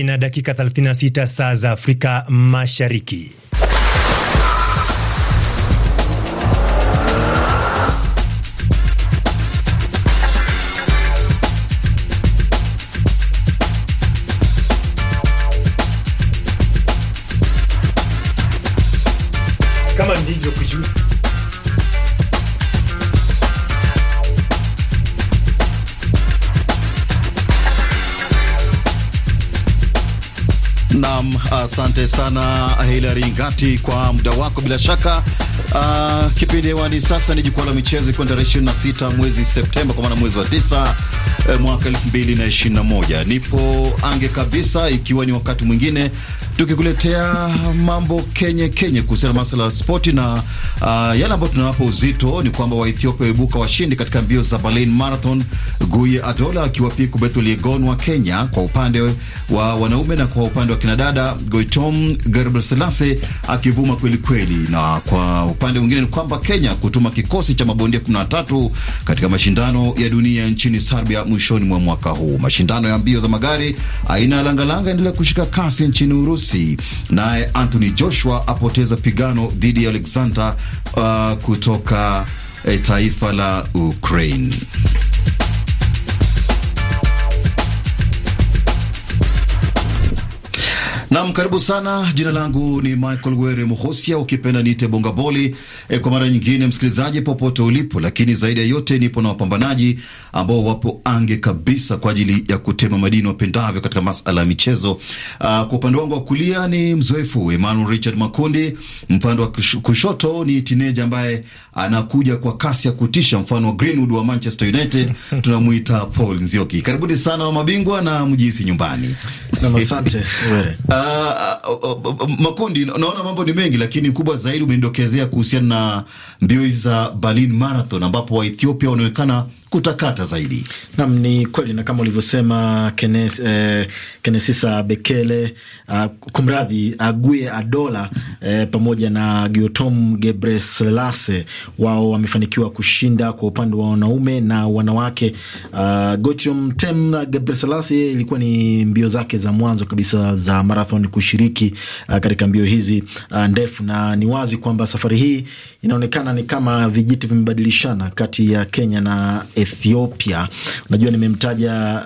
Ina dakika 36 saa za Afrika Mashariki. sana Hilary Ngati kwa muda wako. Bila shaka uh, kipindi hewani sasa ni jukwaa la michezo, ikiwa tarehe 26 mwezi Septemba kwa maana mwezi wa 9 eh, mwaka 2021. Nipo ange kabisa, ikiwa ni wakati mwingine tukikuletea mambo kenye kenye kuhusiana masala ya spoti na uh, yale ambayo tunawapa uzito ni kwamba Waethiopia waibuka washindi katika mbio za Berlin Marathon, Guye Adola akiwapiku Yegon wa Kenya kwa upande wa wanaume na kwa upande wa kinadada Goitom Selase akivuma kwelikweli. Na kwa upande mwingine ni kwamba Kenya kutuma kikosi cha mabondia 13 katika mashindano ya dunia nchini Serbia mwishoni mwa mwaka huu. Mashindano ya mbio za magari aina ya langalanga endelea kushika kasi nchini Urusi Urusi. Naye Anthony Joshua apoteza pigano dhidi ya Alexander uh, kutoka uh, taifa la Ukraine. Nam, karibu sana. Jina langu ni Michael Were Mohosia, ukipenda niite Bongaboli. E, kwa mara nyingine, msikilizaji popote ulipo, lakini zaidi ya yote nipo na wapambanaji ambao wapo ange kabisa kwa ajili ya kutema madini wapendavyo katika masala ya michezo. Aa, kwa upande wangu wa kulia ni mzoefu Emmanuel Richard Makundi, mpande wa kushoto ni tineja ambaye anakuja kwa kasi ya kutisha, mfano wa Greenwood wa Manchester United, tunamwita Paul Nzioki. Karibuni sana wa mabingwa na mjihisi nyumbani. Asante. Uh, uh, uh, makundi. Naona mambo ni mengi, lakini kubwa zaidi umenidokezea kuhusiana na mbio hizi za Berlin Marathon ambapo Waethiopia wanaonekana kutakata zaidi. Nam, ni kweli na kama ulivyosema Kenes, eh, Kenesisa Bekele uh, kumradhi Aguye Adola eh, pamoja na Giotom Gebreselase wao wamefanikiwa kushinda kwa upande wa wanaume na wanawake. Uh, ah, Gochom Tem Gebreselase ilikuwa ni mbio zake za mwanzo kabisa za marathon kushiriki uh, katika mbio hizi uh, ndefu, na ni wazi kwamba safari hii inaonekana ni kama vijiti vimebadilishana kati ya Kenya na Ethiopia. Unajua, nimemtaja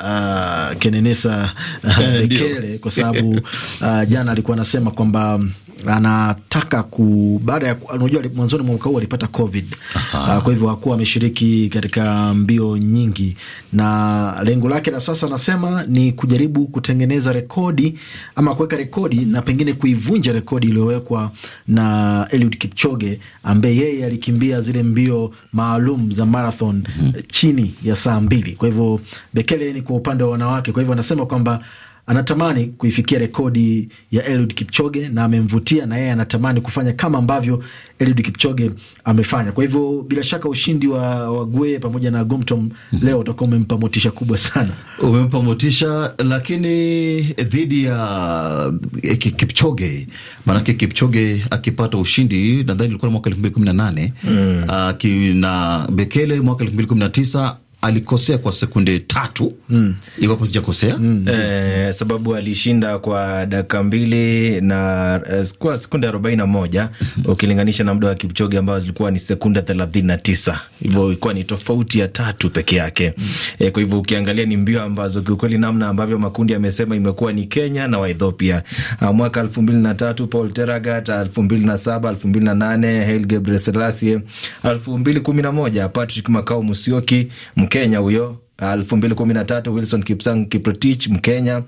uh, Kenenesa uh, Bekele kwa sababu uh, jana alikuwa anasema kwamba anataka ku baada ya unajua, mwanzoni mwa mwaka huu alipata COVID. Aha. Ah, kwa hivyo hakuwa ameshiriki katika mbio nyingi, na lengo lake la sasa anasema ni kujaribu kutengeneza rekodi ama kuweka rekodi na pengine kuivunja rekodi iliyowekwa na Eliud Kipchoge ambaye yeye alikimbia zile mbio maalum za marathon mm -hmm. chini ya saa mbili. Kwa hivyo Bekele ni kwa upande wa wanawake, kwa hivyo anasema kwamba anatamani kuifikia rekodi ya Eliud Kipchoge na amemvutia na yeye anatamani kufanya kama ambavyo Eliud Kipchoge amefanya. Kwa hivyo bila shaka ushindi wa, wa pamoja na Gomtom mhm. leo utakuwa umempa motisha kubwa sana, umempa motisha lakini dhidi ya eh, Kipchoge, maanake Kipchoge akipata ushindi nadhani ilikuwa mwaka elfu mbili kumi na nane mm. na Bekele mwaka elfu mbili kumi na tisa alikosea kwa sekunde tatu mm. iwapo sijakosea mm. e, sababu alishinda kwa dakika mbili na eh, kwa sekunde arobaini na moja ukilinganisha na muda wa Kipchoge ambao zilikuwa ni sekunde thelathini na tisa hivyo ilikuwa ni tofauti ya tatu peke yake mm. e, kwa hivyo ukiangalia ni mbio ambazo kiukweli namna ambavyo makundi yamesema imekuwa ni Kenya na Waethiopia ah, mwaka elfu mbili na tatu Paul Teragat elfu mbili na saba elfu mbili na nane Haile Gebrselassie elfu mbili kumi na moja Patrick Makau Musyoki Mkenya huyo. Elfu mbili kumi na tatu Wilson Kipsang Kiprotich Mkenya.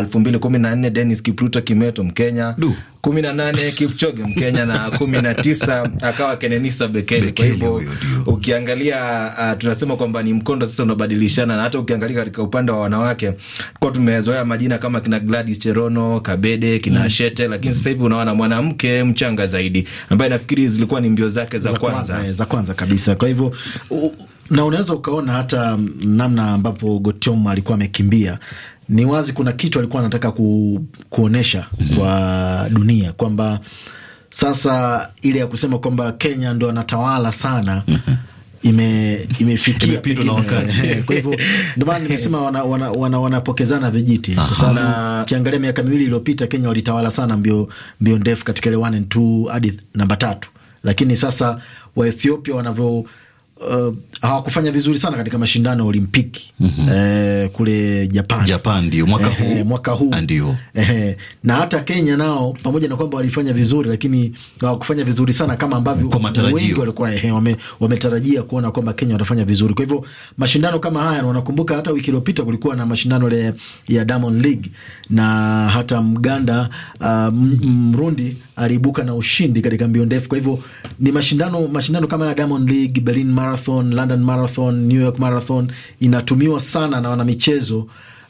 Elfu mbili kumi na nne Kipruto Kimeto Mkenya. Kumi na nane Kipchoge Mkenya na kumi na tisa akawa Kenenisa Bekele. Kwa hivyo ukiangalia, uh, tunasema kwamba ni mkondo sasa unabadilishana, na hata ukiangalia katika upande wa wanawake kwa tumezoea majina kama kina Gladys Cherono Kabede kina mm. Shete, lakini mm. sasa hivi unaona mwanamke mchanga zaidi ambaye nafikiri zilikuwa ni mbio zake za, za kwanza, kwanza, eh, za kwanza kabisa. Kwa hivyo na unaweza ukaona hata namna ambapo Gotyom alikuwa amekimbia ni wazi kuna kitu alikuwa anataka ku, kuonesha mhm. kwa dunia kwamba sasa ile ya kusema kwamba Kenya ndo anatawala sana mhm. ime, imefikia ime na wakati kwa hivyo ndo maana nimesema wanapokezana wana, wana, wana vijiti kwa sababu ukiangalia miaka miwili iliyopita Kenya walitawala sana mbio, mbio ndefu katika ile one and two hadi namba tatu, lakini sasa Waethiopia wanavyo Uh, hawakufanya vizuri sana katika mashindano ya Olimpiki mm -hmm. eh, kule Japan, Japan ndio mwaka eh, huu, eh, mwaka huu. Ah, ndio eh, na hata Kenya nao pamoja na kwamba walifanya vizuri lakini hawakufanya vizuri sana kama ambavyo wengi walikuwa eh, wametarajia kuona kwamba Kenya watafanya vizuri. Kwa hivyo mashindano kama haya, wanakumbuka hata wiki iliyopita kulikuwa na mashindano ya Diamond League na hata Mganda uh, Mrundi aliibuka na ushindi katika mbio ndefu. Kwa hivyo ni mashindano, mashindano kama ya Diamond League, Berlin Marathon, London Marathon, New York Marathon inatumiwa sana na wanamichezo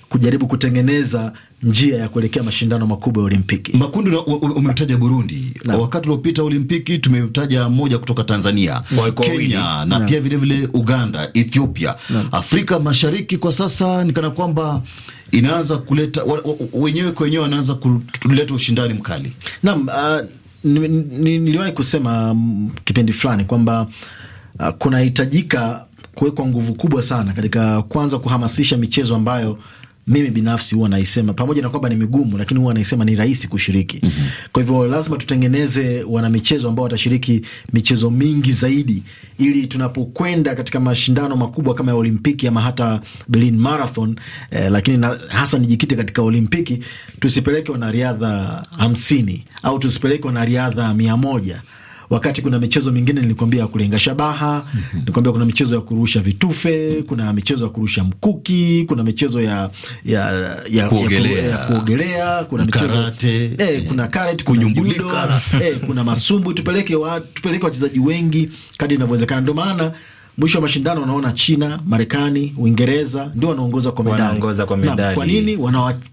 kujaribu kutengeneza njia ya kuelekea mashindano makubwa ya Olimpiki. Makundi umetaja Burundi na, wakati uliopita Olimpiki tumetaja moja kutoka Tanzania na, Kenya na, na pia vilevile Uganda, Ethiopia na, Afrika Mashariki kwa sasa nikana kwamba inaanza kuleta wenyewe kwa wenyewe, wanaanza kuleta ushindani mkali. Naam, uh, niliwahi kusema mm, kipindi fulani kwamba uh, kunahitajika kuwekwa nguvu kubwa sana katika kwanza kuhamasisha michezo ambayo mimi binafsi huwa naisema pamoja na kwamba ni migumu, lakini huwa naisema ni rahisi kushiriki. mm -hmm. Kwa hivyo lazima tutengeneze wanamichezo ambao watashiriki michezo mingi zaidi, ili tunapokwenda katika mashindano makubwa kama ya Olimpiki ama hata Berlin Marathon eh, lakini na, hasa nijikite katika Olimpiki, tusipeleke wanariadha hamsini au tusipeleke wanariadha mia moja wakati kuna michezo mingine nilikwambia ya kulenga shabaha mm -hmm. nikwambia kuna michezo ya kurusha vitufe mm -hmm. Kuna michezo ya kurusha mkuki, kuna michezo ya ya ya kuogelea, ya kuogelea kuna michezo eh, kuna karate, kuna eh, kuna masumbu. Tupeleke wa tupeleke wachezaji wengi kadi inavyowezekana, ndio maana mwisho wa mashindano wanaona China, Marekani, Uingereza ndio wanaongoza kwa medali. Kwa nini?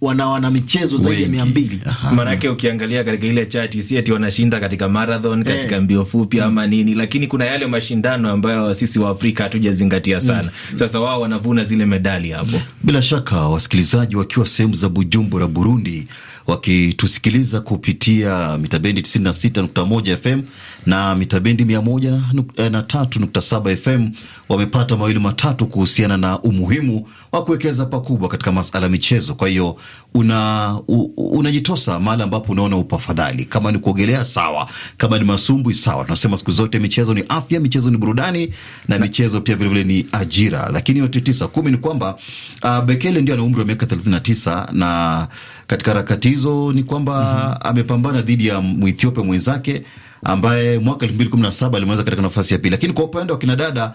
Wana, wana, michezo zaidi ya mia mbili. Maanake ukiangalia katika ile chati si eti wanashinda katika marathon, eh. katika hey, mbio fupi mm, ama nini, lakini kuna yale mashindano ambayo sisi wa Afrika hatujazingatia mm. sana mm. Sasa wao wanavuna zile medali hapo. Bila shaka wasikilizaji wakiwa sehemu za Bujumbura, Burundi wakitusikiliza kupitia mitabendi 96.1 FM na mitabendi 103.7 FM wamepata mawili matatu kuhusiana na umuhimu wa kuwekeza pakubwa katika masala ya michezo. Kwa hiyo una unajitosa mahali ambapo unaona upo afadhali. Kama ni kuogelea sawa, kama ni masumbwi sawa. Tunasema siku zote michezo ni afya, michezo ni burudani na michezo pia vilevile ni ajira. Lakini yote tisa kumi ni kwamba uh, Bekele ndio ana umri wa miaka 39 na katika harakati hizo ni kwamba mm -hmm. amepambana dhidi ya Mwethiopia mwenzake ambaye mwaka saba alimaliza katika nafasi ya pili, lakini kwa upande wa kinadada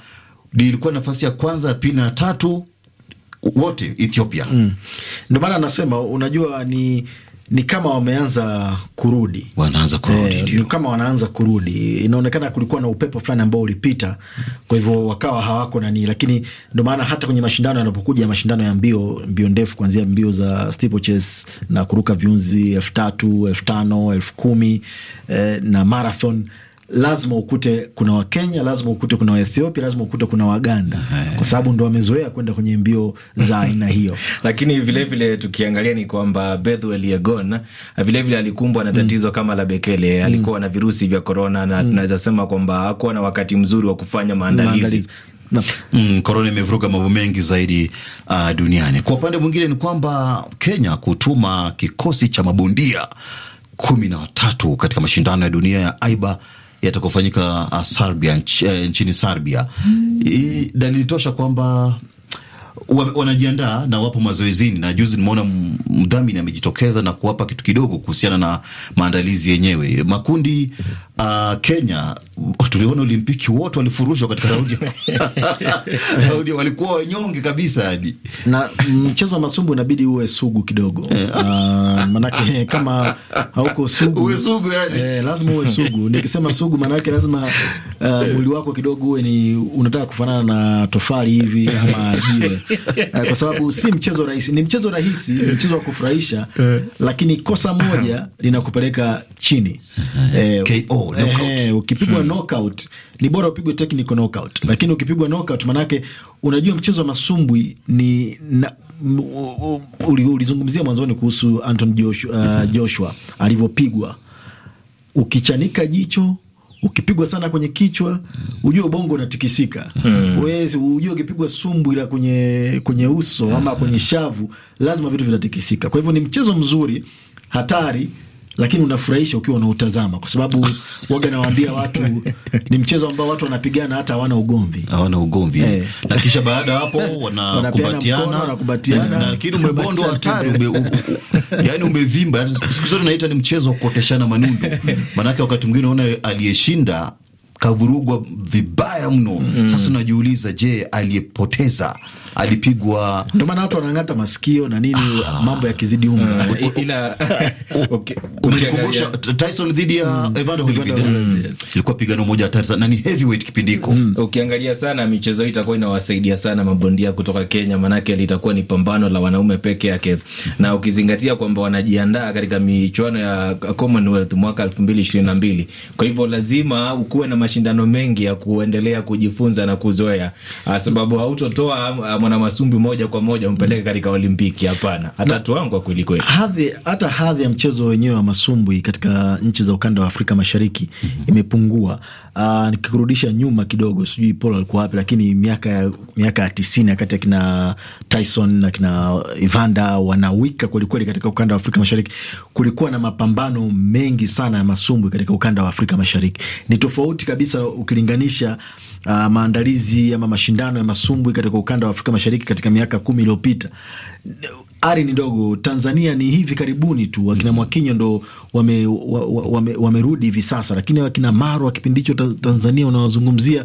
ilikuwa nafasi ya kwanza, ya pili na tatu wote Ethiopia. Mm. Ndio maana anasema unajua ni ni kama wameanza kurudi, wanaanza kurudi eh, ni kama wanaanza kurudi. Inaonekana kulikuwa na upepo fulani ambao ulipita, kwa hivyo wakawa hawako nani, lakini ndio maana hata kwenye mashindano yanapokuja mashindano ya mbio mbio ndefu, kuanzia mbio za steeplechase na kuruka viunzi elfu tatu elfu tano elfu kumi eh, na marathon lazima ukute kuna Wakenya, lazima ukute kuna Waethiopia, lazima ukute kuna Waganda kwa sababu ndo wamezoea kwenda kwenye mbio za aina hiyo. Lakini vilevile tukiangalia ni kwamba Bethwel Yegon vilevile alikumbwa na mm. tatizo mm. kama la Bekele, mm. alikuwa mm. na virusi vya korona na mm. tunaweza sema kwamba hakuwa na wakati mzuri wa kufanya maandalizi No. Mm, korona imevuruga mambo mengi zaidi uh, duniani. Kwa upande mwingine ni kwamba Kenya kutuma kikosi cha mabondia kumi na watatu katika mashindano ya dunia ya AIBA yatakofanyika uh, Serbia, nch, eh, nchini Serbia. Hii hmm. dalili tosha kwamba wanajiandaa na wapo mazoezini, na juzi nimeona mdhamini amejitokeza na kuwapa kitu kidogo kuhusiana na maandalizi yenyewe makundi. Uh, Kenya tuliona Olimpiki wote walifurushwa katika raundi raundi, walikuwa wanyonge kabisa hadi na mchezo wa masumbu inabidi uwe sugu kidogo. Uh, manake kama hauko sugu uwe sugu yani. Eh, lazima uwe sugu. Nikisema sugu manake lazima uh, mwili wako kidogo uwe ni unataka kufanana na tofali hivi ama jiwe uh, kwa sababu si mchezo rahisi. Ni mchezo rahisi, ni mchezo wa kufurahisha lakini kosa moja linakupeleka chini eh, KO, eh, ukipigwa Hmm. knockout ni bora upigwe technical knockout, lakini ukipigwa knockout manake, unajua mchezo wa masumbwi ni na, ulizungumzia mwanzoni kuhusu Anton Joshua, uh, hmm. Joshua alivyopigwa, ukichanika jicho ukipigwa sana kwenye kichwa ujue ubongo unatikisika. Hmm. ujue ukipigwa sumbwi la kwenye, kwenye uso ama kwenye shavu lazima vitu vitatikisika. Kwa hivyo ni mchezo mzuri hatari lakini unafurahisha ukiwa unautazama, kwa sababu waga nawaambia watu ni mchezo ambao watu wanapigana hata hawana ugomvi, hawana ugomvi hey. Eh. Eh. Na kisha baada ya hapo wanakumbatiana, wanakumbatiana, eh, lakini umebondo hatari, yaani umevimba. Yaani siku zote naita ni mchezo wa kuoteshana manundu, maanake wakati mwingine unaona aliyeshinda kavurugwa vibaya mno. Mm. Sasa unajiuliza, je, aliyepoteza alipigwa. Ndio maana watu wanang'ata masikio na nini, ah, mambo yakizidi umri. Uh, ila okay, umenikumbusha Tyson dhidi ya mm, Evander Holyfield mm. ilikuwa pigano moja hatari sana, ni heavyweight kipindi hiko. mm. Ukiangalia sana michezo hii itakuwa inawasaidia sana mabondia kutoka Kenya, manake litakuwa ni pambano la wanaume peke yake, na ukizingatia kwamba wanajiandaa katika michuano ya Commonwealth mwaka 2022 kwa hivyo lazima ukuwe na mashindano mengi ya kuendelea kujifunza na kuzoea, ah, sababu hautotoa ah, mwanamasumbi moja kwa moja umpeleke katika Olimpiki. Hapana, atatuangwa kweli kweli. Hadhi, hata hadhi ya mchezo wenyewe wa masumbwi katika nchi za ukanda wa Afrika Mashariki mm -hmm. imepungua Uh, nikikurudisha nyuma kidogo, sijui Paul alikuwa wapi, lakini miaka ya miaka ya tisini akati ya kina Tyson na kina Evander wanawika kwelikweli katika ukanda wa Afrika Mashariki, kulikuwa na mapambano mengi sana ya masumbwi katika ukanda wa Afrika Mashariki. Ni tofauti kabisa ukilinganisha uh, maandalizi ama mashindano ya masumbwi katika ukanda wa Afrika Mashariki katika miaka kumi iliyopita ari ni ndogo. Tanzania ni hivi karibuni tu wakina mm-hmm. Mwakinyo ndo wamerudi wa, wa, wa, wa hivi sasa, lakini wakina Marwa kipindi hicho Tanzania unawazungumzia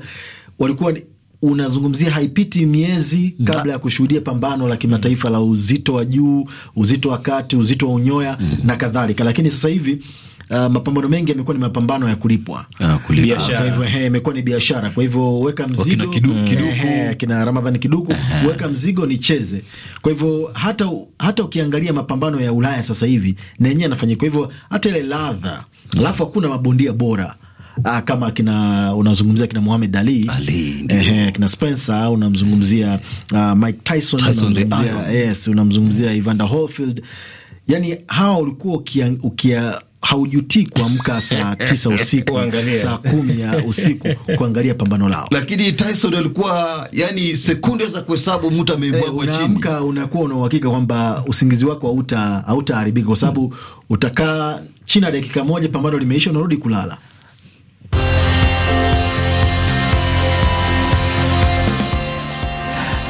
walikuwa unazungumzia haipiti miezi mm-hmm. kabla ya kushuhudia pambano la kimataifa la uzito wa juu, uzito wa kati, uzito wa unyoya mm na kadhalika, lakini sasa hivi uh, mapambano mengi yamekuwa ni mapambano ya kulipwa, ah, kwa hivyo he, eh, imekuwa ni biashara. Kwa hivyo weka mzigo kidu, eh, kiduku eh, kina Ramadhani kiduku Aha. weka mzigo nicheze. Kwa hivyo hata hata ukiangalia mapambano ya Ulaya sasa hivi na yenyewe anafanyika, kwa hivyo hata ile ladha, alafu hakuna mabondia bora Ah, kama kina unazungumzia kina Muhammad Ali, Ali eh, kina Spencer unamzungumzia uh, Mike Tyson, Tyson unamzungumzia yes, unamzungumzia mm. Evander Holyfield, yani hawa ulikuwa ukia, ukia haujutii kuamka saa tisa usiku saa kumi ya usiku kuangalia pambano lao, lakini Tyson alikuwa yani sekunde za kuhesabu mtu ameibwagwa eh, chini. Unaamka unakuwa una uhakika kwamba usingizi wako hauta hautaharibika kwa sababu hmm, utakaa chini ya dakika moja, pambano limeisha, unarudi kulala.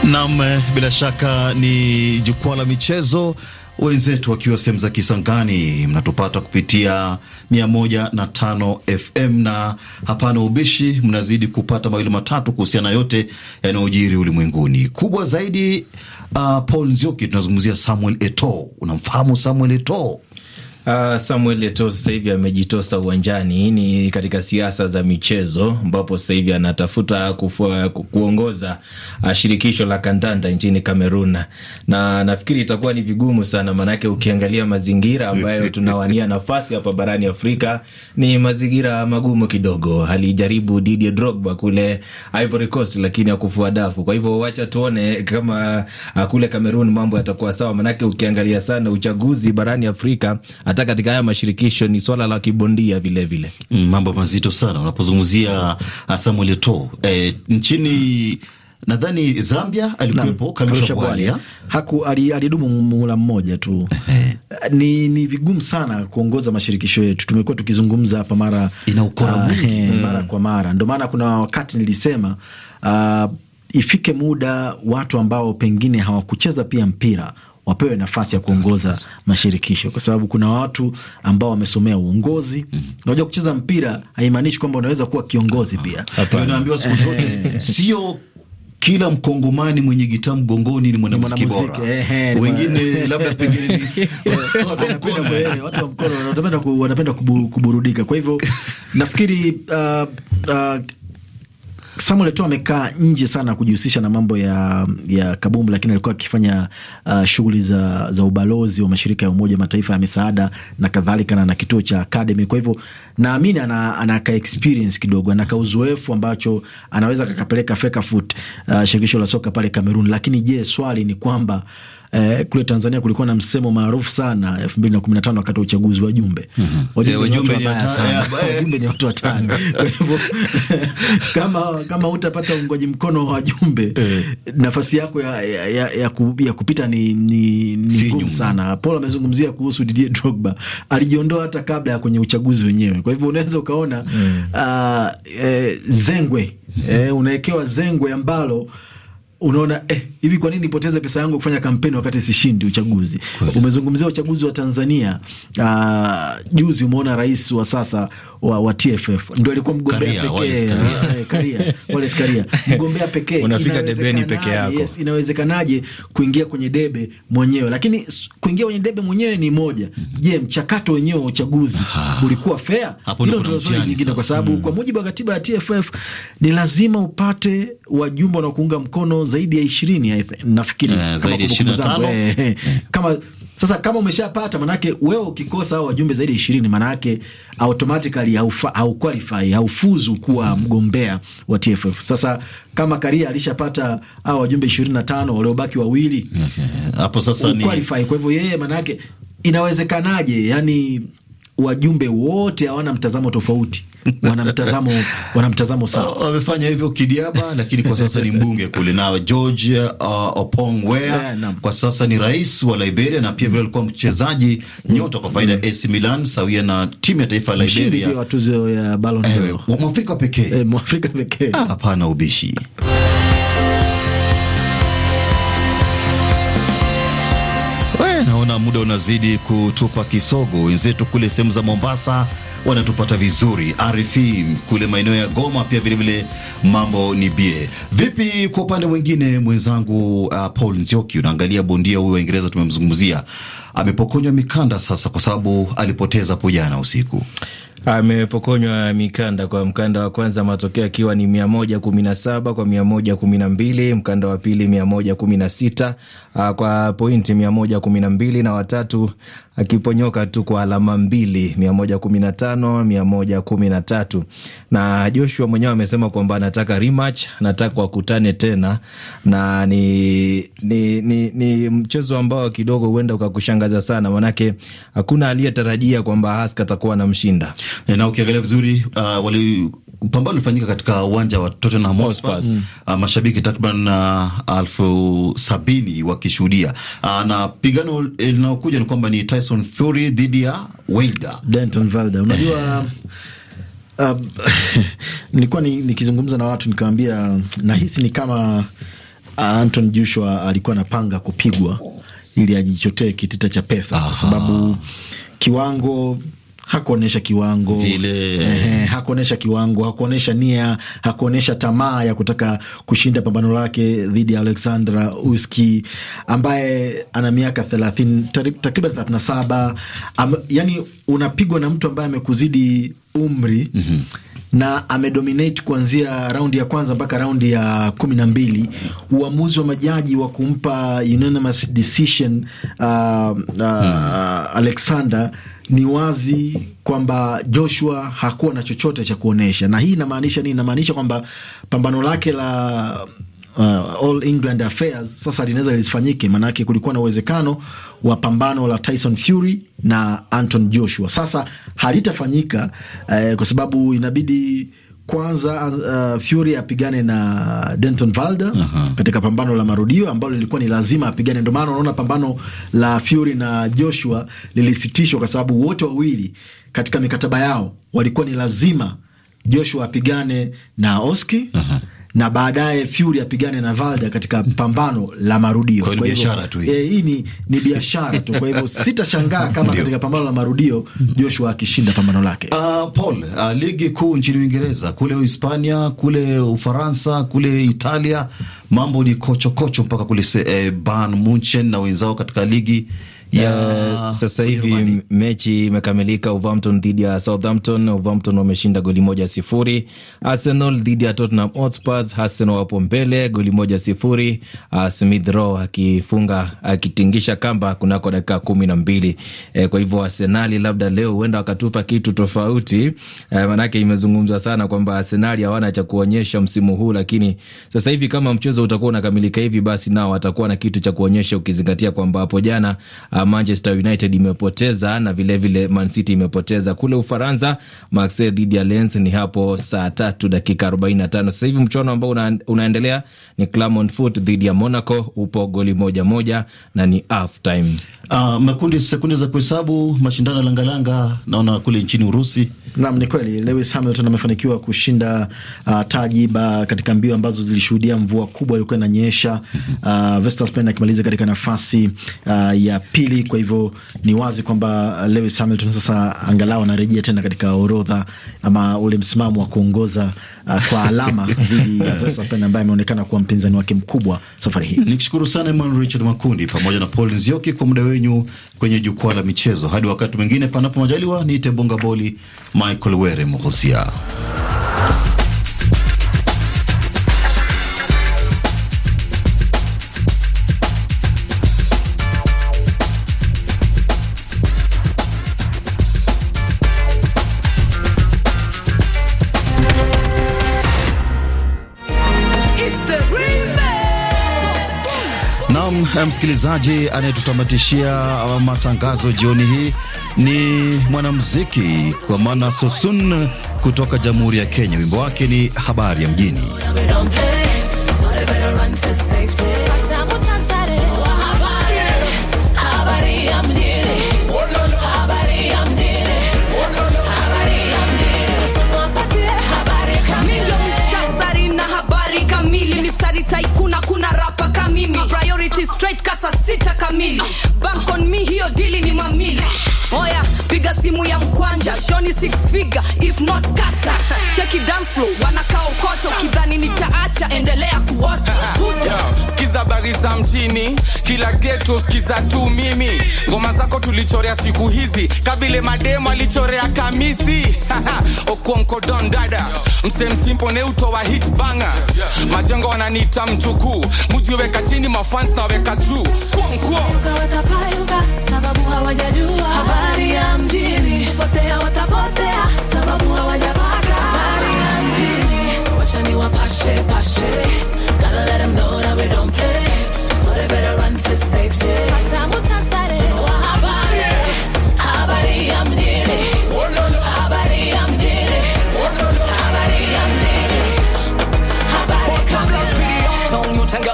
Nam, eh, bila shaka ni jukwaa la michezo wenzetu wakiwa sehemu za Kisangani. Mnatupata kupitia 105 FM na hapana ubishi, mnazidi kupata mawili matatu kuhusiana yote yanayojiri ulimwenguni. Kubwa zaidi, uh, Paul Nzioki, tunazungumzia Samuel Eto'o. Unamfahamu Samuel Eto'o? Uh, Samuel Eto sasa hivi amejitosa uwanjani ni katika siasa za michezo, ambapo sasa hivi anatafuta kufua, kuongoza uh, shirikisho la kandanda nchini Kamerun, na nafikiri itakuwa ni vigumu sana, maanake ukiangalia mazingira ambayo tunawania nafasi hapa barani Afrika ni mazingira magumu kidogo. Alijaribu Didier Drogba kule Ivory Coast, lakini akufua dafu. Kwa hivyo wacha tuone kama uh, kule Kamerun mambo yatakuwa sawa, maanake ukiangalia sana uchaguzi barani Afrika hata katika haya mashirikisho ni swala la kibondia vilevile vile. Mm, mambo mazito sana unapozungumzia uh, Samuel Eto'o e, nchini nadhani Zambia alikuwepo Kalusha Bwalia eh? haku alidumu muhula mmoja tu. Eh. Ni, ni vigumu sana kuongoza mashirikisho yetu, tumekuwa tukizungumza hapa mara ina ukora ah, mwingi mm. mara kwa mara, ndio maana kuna wakati nilisema uh, ifike muda watu ambao pengine hawakucheza pia mpira wapewe nafasi ya kuongoza mashirikisho, kwa sababu kuna watu ambao wamesomea uongozi. Mm-hmm. Unajua, kucheza mpira haimaanishi kwamba unaweza kuwa kiongozi ah, pia. Ndio naambiwa siku zote sio kila Mkongomani mwenye gitaa mgongoni ni mwanamuziki bora. Wengine labda pengine eh, eh, watu wa mkono wanapenda kuburudika. Kwa hivyo nafikiri uh, uh, Samuel Eto'o amekaa nje sana kujihusisha na mambo ya, ya kabumbu, lakini alikuwa akifanya uh, shughuli za, za ubalozi wa mashirika ya Umoja Mataifa ya misaada na kadhalika na, na kituo cha academy. Kwa hivyo naamini ana, anaka experience kidogo, anaka uzoefu ambacho anaweza kakapeleka Fecafoot, uh, shirikisho la soka pale Kamerun. Lakini je, swali ni kwamba eh, kule Tanzania kulikuwa na msemo maarufu sana 2015 wakati wa uchaguzi wa jumbe. Mhm. Eh, wajumbe, ni watu watano. Wajumbe ni watu Kwa hivyo kama kama utapata uungwaji mkono wa wajumbe eh. nafasi yako ya, ya, ya, ya, ku, ya kupita ni ni, ni ngumu sana. Paul amezungumzia kuhusu Didier Drogba. Alijiondoa hata kabla ya kwenye uchaguzi wenyewe. Kwa hivyo unaweza ukaona mm. uh, eh, zengwe mm -hmm. eh, unawekewa zengwe ambalo unaona eh, hivi kwa nini nipoteze pesa yangu kufanya kampeni wakati sishindi uchaguzi? Umezungumzia uchaguzi wa Tanzania. Ah, juzi umeona rais wa sasa wa, wa TFF ndo alikuwa mgombea pekee Wallace Karia mgombea pekee. Unafika debeni peke yako yes, inawezekanaje kuingia kwenye debe mwenyewe? Lakini kuingia kwenye debe mwenyewe ni moja. Mhm. Je, mm -hmm. mchakato wenyewe wa uchaguzi ulikuwa fair? Hilo ndio swali jingine, kwa sababu hmm. kwa mujibu wa katiba ya TFF ni lazima upate wajumbe wanaokuunga mkono zaidi ya ishirini nafikiri, yeah, kama sasa kama umeshapata, manake wewe ukikosa au wajumbe zaidi ya ishirini, manake automatically au haufuzu kuwa mm-hmm. mgombea wa TFF. Sasa kama Karia alishapata au wajumbe ishirini na tano waliobaki wawili hapo, Sasa ni qualify. Kwa hivyo yeye manake inawezekanaje? Yani wajumbe wote hawana mtazamo tofauti wanamtazamo sa uh, Wamefanya hivyo kidiaba, lakini kwa sasa ni mbunge kule, na George uh, Opong Weah eh, yeah, kwa sasa ni rais wa Liberia na pia vile alikuwa mchezaji nyota kwa faida ya AC Milan sawia na timu ya taifa ya Liberia, wa tuzo ya Ballon eh, d'Or, Mwafrika pekee, eh, Mwafrika pekee, ah, hapana ubishi naona muda unazidi kutupa kisogo. Wenzetu kule sehemu za Mombasa wanatupata vizuri, RFI kule maeneo ya Goma pia vilevile mambo ni bie. Vipi kwa upande mwingine, mwenzangu uh, Paul Nzioki, unaangalia bondia huyu wa Uingereza tumemzungumzia, amepokonywa mikanda sasa, kwa sababu alipoteza hapo jana usiku amepokonywa mikanda kwa mkanda wa kwanza, matokeo akiwa ni mia moja kumi na saba kwa mia moja kumi na mbili mkanda wa pili mia moja kumi na sita uh, kwa pointi mia moja kumi na mbili na watatu akiponyoka tu kwa alama mbili, mia moja kumi na tano mia moja kumi na tatu Na Joshua mwenyewe amesema kwamba anataka rematch, anataka wakutane tena, na ni, ni, ni, ni mchezo ambao kidogo huenda ukakushangaza sana, manake hakuna aliyetarajia kwamba Haska atakuwa mshinda na ukiangalia vizuri uh, wali pambano ulifanyika katika uwanja wa Tottenham Hotspur mm. uh, mashabiki takriban uh, elfu sabini wakishuhudia uh, na pigano linaokuja ni kwamba ni Tyson Fury dhidi ya Wilder, Deontay Wilder. Unajua eh. uh, um, nilikuwa nikizungumza na watu nikawambia nahisi ni kama uh, Anton Joshua alikuwa anapanga kupigwa ili ajichotee kitita cha pesa, kwa sababu kiwango hakuonyesha kiwango vile, eh, hakuonyesha kiwango, hakuonyesha nia, hakuonyesha tamaa ya kutaka kushinda pambano lake dhidi ya Alexandra Uski ambaye ana miaka thelathini takriban thelathini na saba. Yani unapigwa na mtu ambaye amekuzidi umri mm -hmm na amedominate kuanzia raundi ya kwanza mpaka raundi ya kumi na mbili. Uamuzi wa majaji wa kumpa unanimous decision uh, uh, hmm. Alexander ni wazi kwamba Joshua hakuwa na chochote cha kuonyesha na hii inamaanisha nini? Inamaanisha kwamba pambano lake la Uh, All England Affairs sasa linaweza lisifanyike, maanake kulikuwa na uwezekano wa pambano la Tyson Fury na Anton Joshua sasa halitafanyika, uh, kwa sababu inabidi kwanza uh, Fury apigane na Denton Valda katika pambano la marudio ambalo lilikuwa ni lazima apigane. Ndio maana unaona pambano la Fury na Joshua lilisitishwa kwa sababu wote wawili katika mikataba yao walikuwa ni lazima Joshua apigane na Oski -huh na baadaye Fury apigane na Valda katika pambano la marudio. Kwa biashara tu hii, e, hii ni, ni biashara tu. Kwa hivyo sitashangaa kama katika pambano la marudio Joshua akishinda pambano lake. Uh, Paul, uh, ligi kuu nchini Uingereza, kule Hispania, kule Ufaransa, kule Italia, mambo ni kochokocho mpaka kule eh, Bayern Munchen na wenzao katika ligi yeah, sasa hivi mechi imekamilika, Uvampton dhidi ya Southampton. Uvampton wameshinda goli moja sifuri. Arsenal dhidi ya Tottenham Hotspur, Arsenal wapo mbele goli moja sifuri, uh, Smith Rowe akifunga akitingisha kamba kunako dakika kumi na mbili. E, kwa hivyo Arsenali labda leo huenda wakatupa kitu tofauti e, manake imezungumzwa sana kwamba Arsenali hawana cha kuonyesha msimu huu, lakini sasa hivi kama mchezo utakuwa unakamilika hivi, basi nao watakuwa na kitu cha kuonyesha ukizingatia kwamba hapo jana uh, Uh, Manchester United imepoteza na vilevile vile Man City imepoteza. Kule Ufaransa, Marseille dhidi ya Lens ni hapo saa tatu dakika 45. Sasa hivi mchuano ambao una, unaendelea ni Clermont-Foot dhidi ya Monaco, upo goli moja moja na ni half time. Uh, makundi sekunde za kuhesabu mashindano ya langalanga, naona kule nchini Urusi. Naam, ni kweli Lewis Hamilton amefanikiwa kushinda uh, taji ba katika mbio ambazo zilishuhudia mvua kubwa ilikuwa inanyesha, mm-hmm. uh, Verstappen akimaliza katika nafasi uh, ya pili mbili. Kwa hivyo ni wazi kwamba Lewis Hamilton sasa angalau anarejea tena katika orodha ama ule msimamo wa kuongoza uh, kwa alama dhidi ya Verstappen ambaye ameonekana kuwa mpinzani wake mkubwa safari hii. Nikushukuru sana Emmanuel Richard Makundi pamoja na Paul Nzioki kwa muda wenyu kwenye jukwaa la michezo. Hadi wakati mwingine, panapo majaliwa, niite bonga boli Michael Were Mhusia. na msikilizaji anayetutamatishia uh, matangazo jioni hii ni mwanamuziki kwa maana Sosun kutoka Jamhuri ya Kenya. Wimbo wake ni habari ya mjini. straight kasa sita kamili bank on me hiyo dili ni mamili oya piga simu ya mkwanja shoni six figure if not kata cheki dance flow wanakaa ukoto kidhani nitaacha endelea kuota buda sikiza habari za mjini kila geto skiza tu mimi ngoma zako tulichorea siku hizi kabile mademo alichorea kamisi don dada msem msemsimpo neuto wa hit banga majengo wananiita mjukuu mujiweka chini mafans naweka juu kuonkuo sababu hawajajua habari ya mjini. mjini, potea watapotea, sababu hawajapata Maria mjini, wacha ni wapashe pashe, gotta let them know that we don't play, so they better run to safety. Matamu,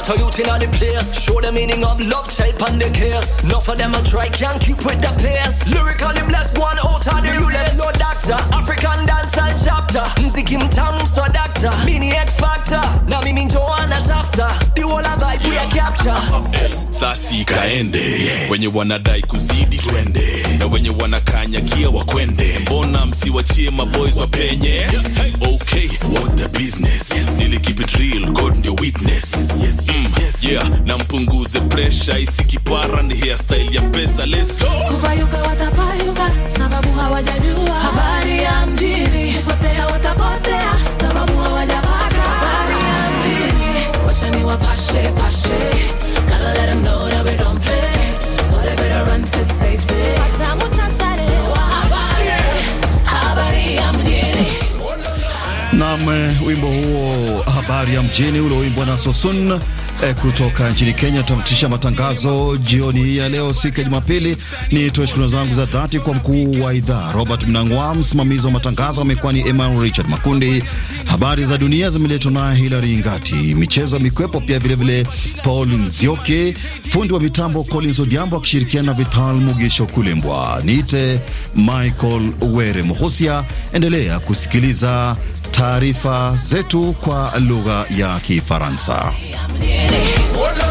Tell you till all the place. Show the meaning of love, child on the case. Not for them a try, can't keep with the pace. Lyrically blessed, one out of the realest. No doctor, African dance and chapter. Music him tongue, so doctor. Mini X sasa ikaende wenye wanadai kuzidi twende na wenye wanakanyakia wakwende, mbona msiwachie maboys wapenye? yeah, hey. Okay, what the business yes. Nili keep it real, God ndio witness yes, yes, mm, yes. Yeah, na mpunguze pressure isikipara ni hairstyle ya pesa let's go. Kubayuka watapayuka sababu hawajajua habari ya mjini, potea watapotea sababu hawajapata habari ya mjini, wachani wapashe pashe, pashe Nam eh, wimbo huo habari ya mjini ulioimbwa na Sosun E, kutoka nchini Kenya. Tutamatisha matangazo jioni hii ya leo, siku ya Jumapili. Nitoe shukrani zangu za dhati kwa mkuu wa idhaa Robert Mnangwa, msimamizi wa matangazo amekuwa ni Emmanuel Richard Makundi. Habari za dunia zimeletwa na Hilary Ngati, michezo mikwepo pia vilevile Paul Nzioke, fundi wa mitambo Collins Odiambo akishirikiana na Vital Mugisho Kulembwa. Niite Michael Were Muhusia. Endelea kusikiliza taarifa zetu kwa lugha ya Kifaransa. minute.